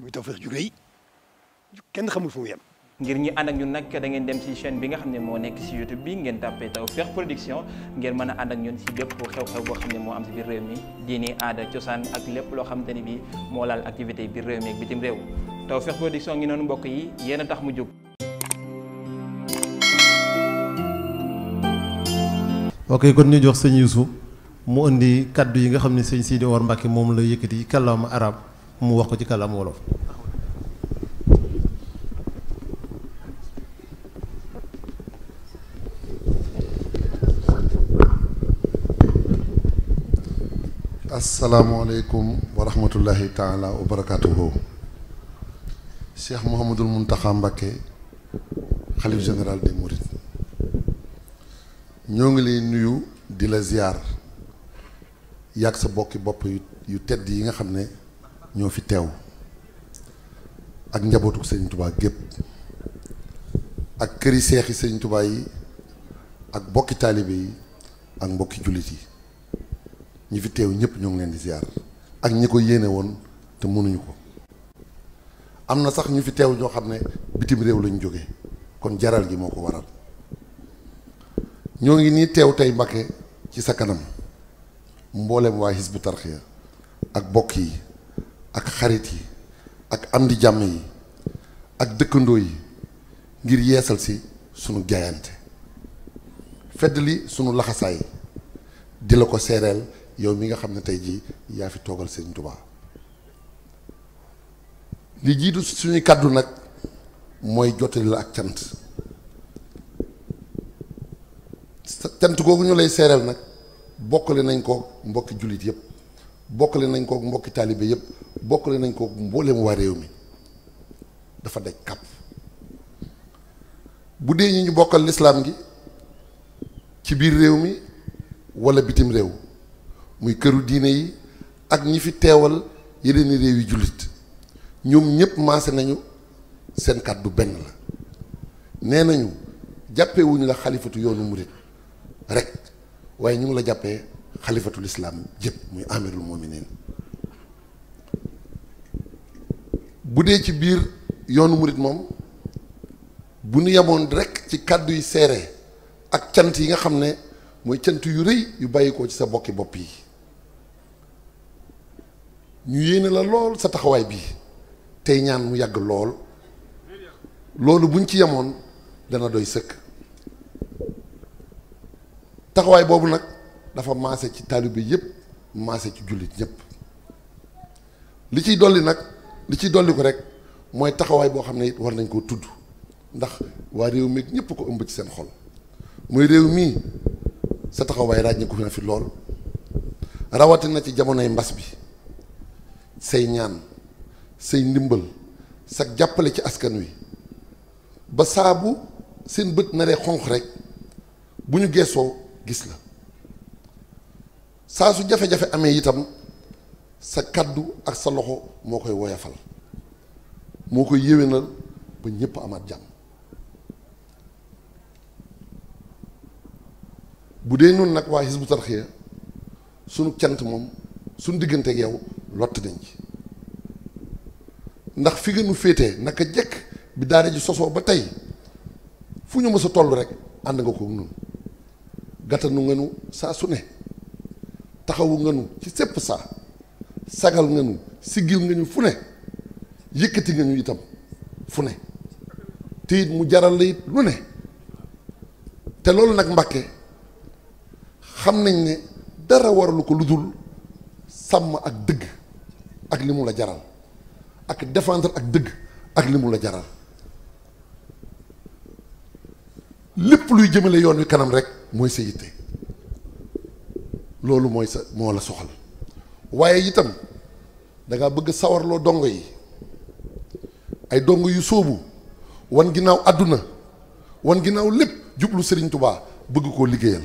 muy Tawfekh ju rëy kenn xamul fu mu ngir ñi ànd ak ñun nag da ngeen dem ci chaîne bi nga xam ne moo nekk ci YouTube bi ngeen tàppee Tawfekh Production ngeen mën a ànd ak ñun ci bépp xew-xew boo xam ne moo am ci biir réew mi diini aada cosaan ak lépp loo xamante ni bi moo laal activité biir réew mi ak bitim réew Tawfekh Production ngi noonu mbokk yi yéen a tax mu jóg. ok kon ñu jox sëñ Youssou mu indi kaddu yi nga xam ne sëñ Sidi Or Mbacke moom la yëkkati kàllaama arab mu wax ko ci kàllaama wolof asalaamaaleykum wa rahmatullahi taala wa barakatuhu cheikh mouhamadul muntaxa mbakke xalif général des mourides ñoo ngi lay nuyu di la ziar yàgg sa bokki bopp yu tedd yi nga xam ne ñoo fi teew ak njabootu sëriñ Touba gépp ak këri seexi sëriñ Touba yi ak mbokki taalibe yi ak mbokki jullit yi ñi fi teew ñëpp ñoo ngi leen di ziar ak ñi ko yéene woon te mënuñu ko am na sax ñu fi teew ñoo xam ne bitim réew lañu jóge kon jaral gi moo ko waral ñoo ngi nii teew tey Mbakke ci sa kanam mboolem waa Hizbut Tarqiyyah ak bokk yi ak xarit yi ak am di jàmm yi ak dëkkandoo yi ngir yeesal si sunu jaayante fedd li sunu laxasaay di la ko seereel yow mi nga xam ne tey jii yaa fi toogal Sëriñ Tuubaa li jiitu suñuy kàddu nag mooy jottali la ak cant cant googu ñu lay seereel nag bokkale nañ ko mbokki jullit yépp bokkale nañ kook mbokki taalibe yëpp bokkale nañ kook mbooleem waa réew mi dafa daj kàpp bu dee ñi ñu bokkal lislaam gi ci biir réew mi wala bitim réew muy këru diine yi ak ñi fi teewal yeneen i réew yi jullit ñoom ñëpp maase nañu seen kàddu benn la nee nañu jàppee la xalifatu yoonu murit rek waaye ñu ngi la jàppee xalifatul islaam jëpp muy amirul muuminiin bu dee ci biir yoonu murit moom bu nu yemoon rek ci kàddu yu seere ak cant yi nga xam ne mooy cant yu rëy yu bàyyikoo ci sa bokki bopp yi ñu yéene la lool sa taxawaay bi tey ñaan mu yàgg lool loolu buñ ci yemoon dana doy sëkk taxawaay boobu nag dafa maase ci taalibe yëpp maase ci jullit ñëpp li ciy dolli nag li ciy dolli ko rek mooy taxawaay boo xam ne it war nañ koo tudd ndax waa réew mi ñëpp ko ëmb ci seen xol muy réew mii sa taxawaay ràññi na fi lool rawatina ci jamonoy mbas bi say ñaan say ndimbal sa jàppale ci askan wi ba saabu seen bët naree xonq rek bu ñu geesoo gis la saa su jafe-jafe amee itam sa kàddu ak sa loxo moo koy woyafal moo koy yéwénal ba ñépp amaat jàmm bu dee noonu nag waa Hizbut Tarqiyyah sunu cant moom sunu diggante ak yow lott nañ ci ndax fi nga nu féetee naka jëkk bi daara ji sosoo ba tey fu ñu mës a toll rek ànd nga ko nun gàttanu nga nu saa su ne taxawu nga nu ci sépp saa sagal nga nu siggil nga fu ne yëkkati nga ñu itam fu ne te it mu jaral la it lu ne te loolu nag Mbàkke xam nañ ne dara waralu ko lu dul sàmm ak dëgg ak li la jaral ak défendre ak dëgg ak li mu la jaral lépp luy jëmale yoon wi kanam rek mooy sa yitte loolu mooy sa moo la soxal waaye itam danga bëgg sawarloo dongo yi ay dongo yu sóobu wan ginnaaw àdduna wan ginnaaw lépp jublu Sëriñ Tubaa bëgg koo liggéeyal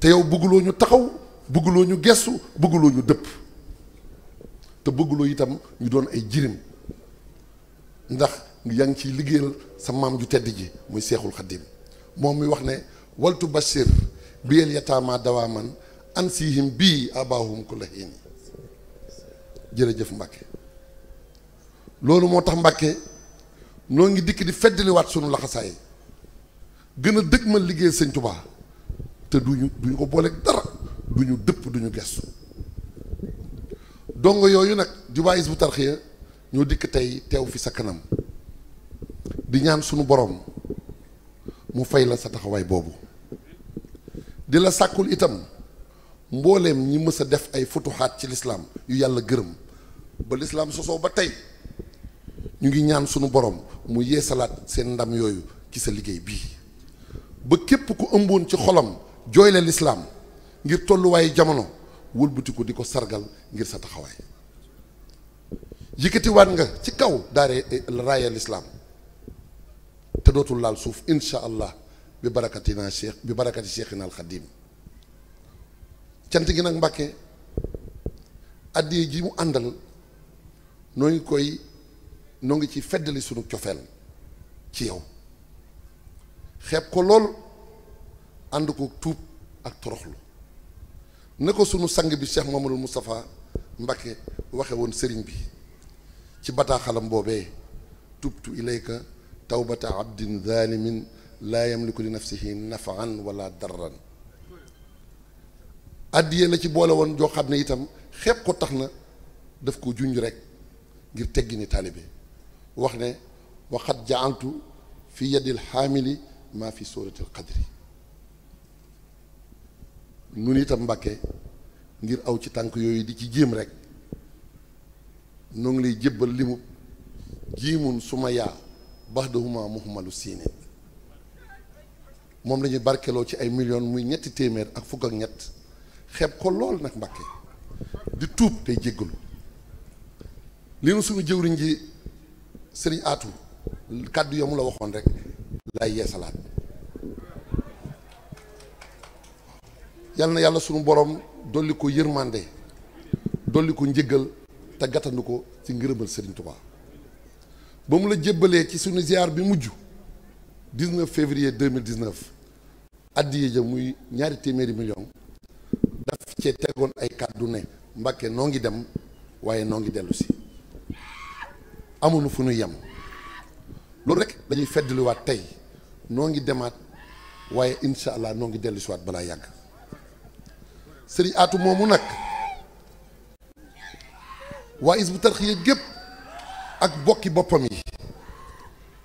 te yow bëgguloo ñu taxaw bëgguloo ñu gestu bëgguloo ñu dëpp te bëgguloo itam ñu doon ay jirim ndax yaa ngi ciy liggéeyal sa maam ju tedd ji muy seexul xaddim moom mi wax ne waltu bashir biyal yataama dawaaman man siihim bii abaahum ku la hiini jërëjëf Mbàkke loolu moo tax Mbàkke noo ngi dikk di feddaliwaat suñu laxasaay gën a dëgg ma liggéey sëñ Tubaa te duñu duñu ko booleeg dara duñu dëpp duñu gestu dongo yooyu nag jubaa is bu tarxiya ñoo dikk tey teew fi sa kanam di ñaan sunu boroom mu fay la sa taxawaay boobu di la sàkkul itam mbooleem ñi mës a def ay futuxaat ci lislaam yu yàlla gërëm ba lislaam sosoo ba tey ñu ngi ñaan sunu borom mu yeesalaat seen ndam yooyu ci sa liggéey bii ba képp ku ëmboon ci xolam jooyle lislaam ngir tolluwaayu jamono wëlbatiku di ko sargal ngir sa taxawaay yëkkatiwaat nga ci kaw daare eh, raaya lislaam te dootul laal suuf incha allah bi barakatina cheikh bi barakati cheikhina alxadim cant gi nag mbàkke addiye ji mu àndal noo ngi koy noo ngi ci feddali sunu cofeel ci yow xeeb ko lool ànd ko tuub ak toroxlu ne ko sunu sang bi cheikh mamadul moustapha mbakke waxe woon sëriñ bi ci bataaxalam boobee tubtu ilayka tawbata abdin zalimin laa yamliku li nafsihi nafan wala darran addiye la ci boole woon joo xam ne itam xeeb ko tax na daf ko junj rekk ngir teggi ni taalibe wax ne waxat ja'altu fi yadil xaamili maa fi sóoratil qadri nun itam mbàkke ngir aw ci tànk yooyu di ci jéem rekk nu ngi lay jébbal limu jiimun su ma yaa bax dahuma muhmalu siine moom la ñuy barkeloo ci ay millions muy ñetti téeméer ak fukk ak ñett xeeb ko lool nag Mbàkke di tuub tey jéggalu li nu suñu jëwriñ ji sëriñ aatu kàddu ya mu la waxoon rek lay yeesalaat yal na yàlla suñu borom dolli ko yërmande dolli ko njëggal te gàttandu ko ci ngërëmal sëriñ Tuubaa ba mu la jébbalee ci suñu ziar bi mujj 19 février 2019 addiye ja muy ñaari téeméeri million daf cee tegoon ay kàddu ne Mbàkke noo ngi dem waaye noo ngi dellusi si fu nu yem loolu rek dañuy feddliwaat tey noo ngi demaat waaye incha allah noo ngi dellu siwaat balaa yàgg sëriñ aatu moomu nag waa Hizbut Tarqiyyah gépp ak bokki boppam yi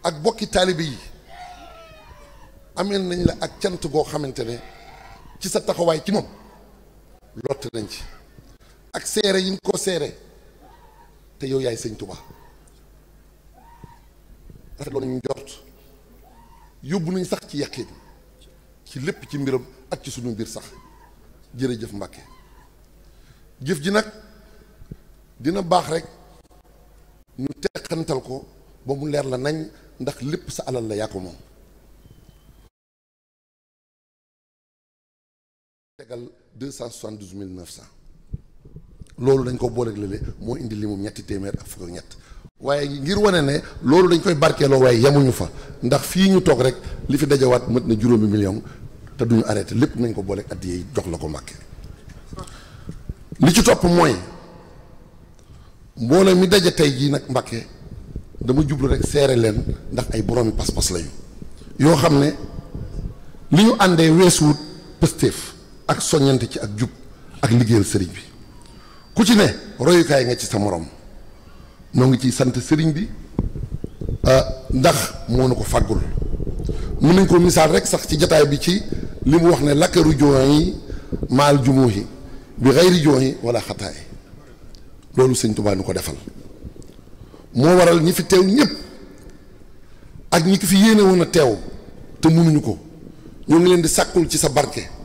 ak bokki taalibe yi ameel nañ la ak cant goo xamante ne ci sa taxawaay ci moom lott nañ ci ak seere yi ñu ko seere te yow yaay sëñ Tuubaa rafet loolu ñu jort yóbbu nañ sax ci yàqin ci lépp ci mbiram ak ci sunu mbir sax jërëjëf Mbàkke jëf ji nag dina baax rek ñu teqantal ko ba mu leer la nañ ndax lépp sa alal la yàqu moom tegal deux cent soixante douze mille neuf loolu dañ ko booleeg lële moo indi limu ñetti téeméer ak fukk ñett waaye ngir wane ne loolu dañ koy barkeeloo waaye yemuñu fa ndax fii ñu toog rek li fi dajawaat mët na juróomi million te duñu arrêté lépp nañ ko booleeg at yi jox la ko Mbàkke li ci topp mooy mboole mi daje tey jii nag Mbàkke dama jublu rek seere leen ndax ay boroomi pas-pas yoo xam ne li ñu àndee weesuwut pëstéef ak soññante ci ak jub ak liggéeyal sëriñ bi ku ci ne royukaay nga ci sa morom noo ngi ciy sant sëriñ bi ah, ndax moo na ko fàggul mën nañ ko misaal rek sax ci jataay bi ci li mu wax ne lakkaru joon yi maal jumuhi bi xayri joon yi wala xataay loolu sëñ Tuubaa ni ko defal moo waral ñi fi teew ñëpp ak ñi ki fi yéene a teew te mënuñu ko ñoo ngi leen di sàkkul ci sa barke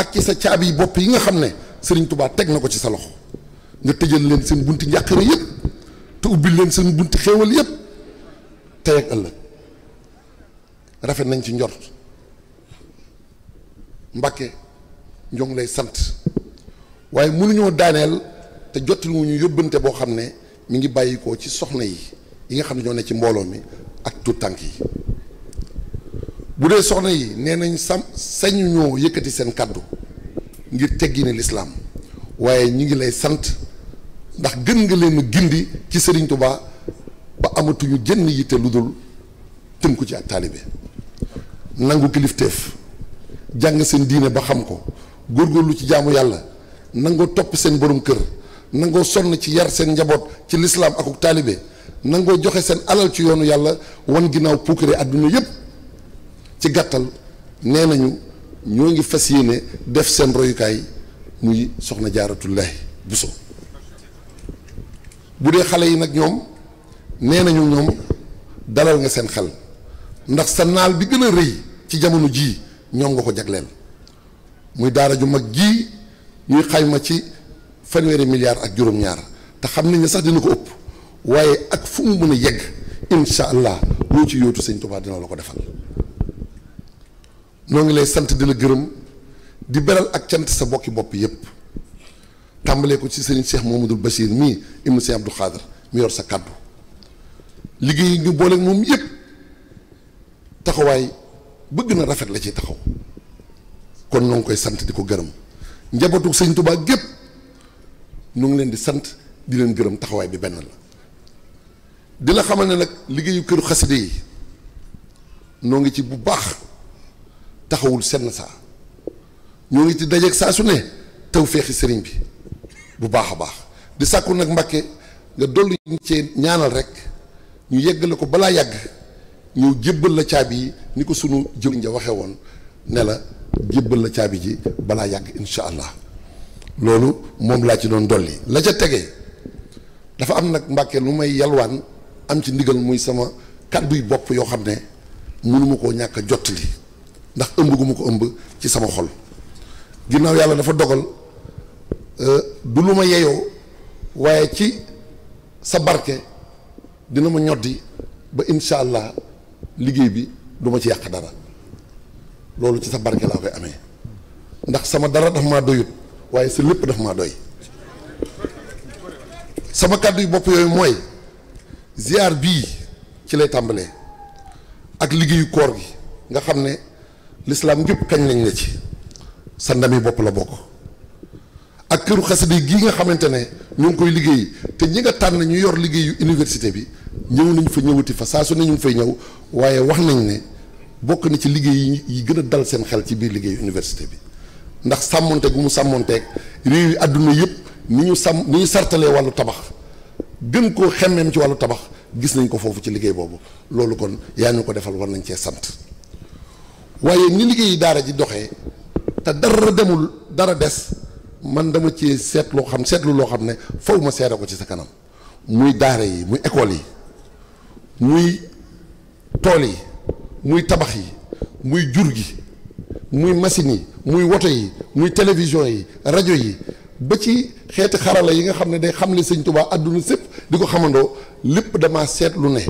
ak ci sa caabi bopp yi nga xam ne Serigne tubaab teg na ko ci sa loxo nga tëjal leen seen bunti njàqare yëpp te ubbil leen seen bunti xéewal yëpp tey ak ëllëg rafet nañ ci njor Mbàkke ñoo lay sant waaye mënuñoo daaneel te jotul wu ñu yóbbante boo xam ne mu ngi bàyyikoo ci soxna yi yi nga xam ne ñoo ne ci mbooloo mi ak tuut tànk yi bu dee soxna yi nee nañ sam sañu ñoo yëkkati seen kàddu ngir teggine lislaam waaye ñi ngi lay sant ndax gën nga leen gindi ci sëriñ Tuubaa ba amatuñu jënn yitte lu dul tënku ci ak taalibe nangu kilifteef jàng seen diine ba xam ko góor góorgóorlu ci jaamu yàlla nangoo topp seen borom kër nangoo sonn ci yar seen njaboot ci lislaam akuk taalibe nangoo joxe seen alal ci yoonu yàlla wan ginnaaw puukare àdduna yépp ci gàttal nee nañu ñoo ngi fas yéene def seen royukaay muy soxna jaaratullahi Buso bu dee xale yi nag ñoom nee nañu ñoom dalal nga seen xel ndax sa naal bi gën a rëy ci jamono jii ñoom nga ko jagleel muy daara ju mag jii ñuy xayma ci fanweeri milliards ak juróom-ñaar te xam nañ ne sax dina ko ëpp waaye ak fu mu mën a yegg incha allah loo ci yóotu sëñ Tuubaa dina la ko defal ñoo ngi lay sant di la gërëm di beral ak cant sa bokki bopp yépp tàmbalee ko ci sëriñ Cheikh Mamadou Bachir mii ibnu Cheikh Abdou Khader mi yor sa kàddu liggéey ñu booleeg moom yépp taxawaay bëgg na rafet la ci taxaw kon ñoo ngi koy sant di ko gërëm njabootu sëñ Touba gépp ñu ngi leen di sant di leen gërëm taxawaay bi benn la di la xamal ne nag liggéeyu këru xaside yi noo ngi ci bu baax taxawul senn saa ñoo ngi ci dajeeg saa su ne tew feexi sëriñ bi bu baax a baax di sàkku nag Mbàkke nga dolli ci ñaanal rek ñu yeggale ko balaa yàgg ñu jébbal la caabi yi ko sunu jëwriñ ja waxee woon ne la jébbal la caabi ji balaa yàgg incha allah loolu moom laa ci doon dolli la ca tegee dafa am nag Mbàkke lu may yalwaan am ci ndigal muy sama kàddu yu bopp yoo xam ne mënuma koo ñàkk jot jottali ndax ëmb gu ma ko ëmb ci sama xol ginnaaw yàlla dafa dogal euh, du lu ma yeyoo waaye ci sa barke dina ma ñoddi ba incha allah liggéey bi duma ma ci yàq dara loolu ci sa barke laa koy amee ndax sama dara daf maa doyut waaye sa lépp daf maa doy sama kàddu yu bopp yooyu mooy ziar bii ci lay tàmbalee ak liggéeyu koor gi nga xam ne lislaam gépp kañ lañ la ci sa ndami bopp la bokk ak këru xasida yi gii nga xamante ne ñu ngi koy liggéey te ñi nga tànn ñu yor liggéeyu université bi ñëw nañ fa ñëwati fa saa su ne ñu ngi fay ñëw waaye wax nañ ne bokk na ci liggéey yi gën a dal seen xel ci biir liggéeyu université bi ndax sàmmoonte gu mu sàmmonteeg réew yi àdduna yëpp ni ñu sàmm ni ñu sartalee wàllu tabax gën koo xemmeem ci wàllu tabax gis nañ ko foofu ci liggéey boobu loolu kon yaa ñu ko defal war nañ cee sant waaye ni liggéey daara ji doxee te dara demul dara des man dama ci seet loo xam seetlu loo xam ne faw ma seere ko ci sa kanam muy daara yi muy école yi muy tool yi muy tabax yi muy jur gi muy machine yi muy woto yi muy télévision yi rajo yi ba ci xeeti xarala yi nga xam ne day xamle sëñ Tuubaa àdduna sépp di ko xamandoo lépp dama seetlu ne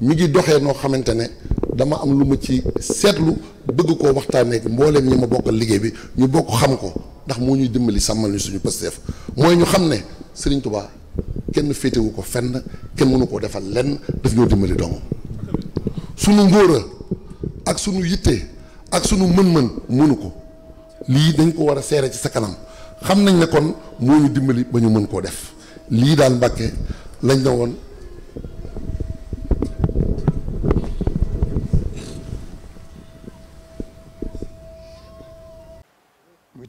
mi ngi doxee noo xamante ne dama am lu ma ci seetlu bëgg koo waxtaanee ak mbooleem ñi ma bokkal liggéey bi ñu bokk xam ko ndax moo ñuy dimbali sàmmal ñu suñu Pastef mooy ñu xam ne Serigne Touba kenn féetewu ko fenn kenn mënu koo defal lenn daf ñoo dimbali dong suñu ngóora ak suñu yitte ak suñu mën-mën mënu ko lii dañ ko war a seere ci sa kanam xam nañ ne kon moo ñu dimbali ba ñu mën koo def lii daal Mbàkke lañ na woon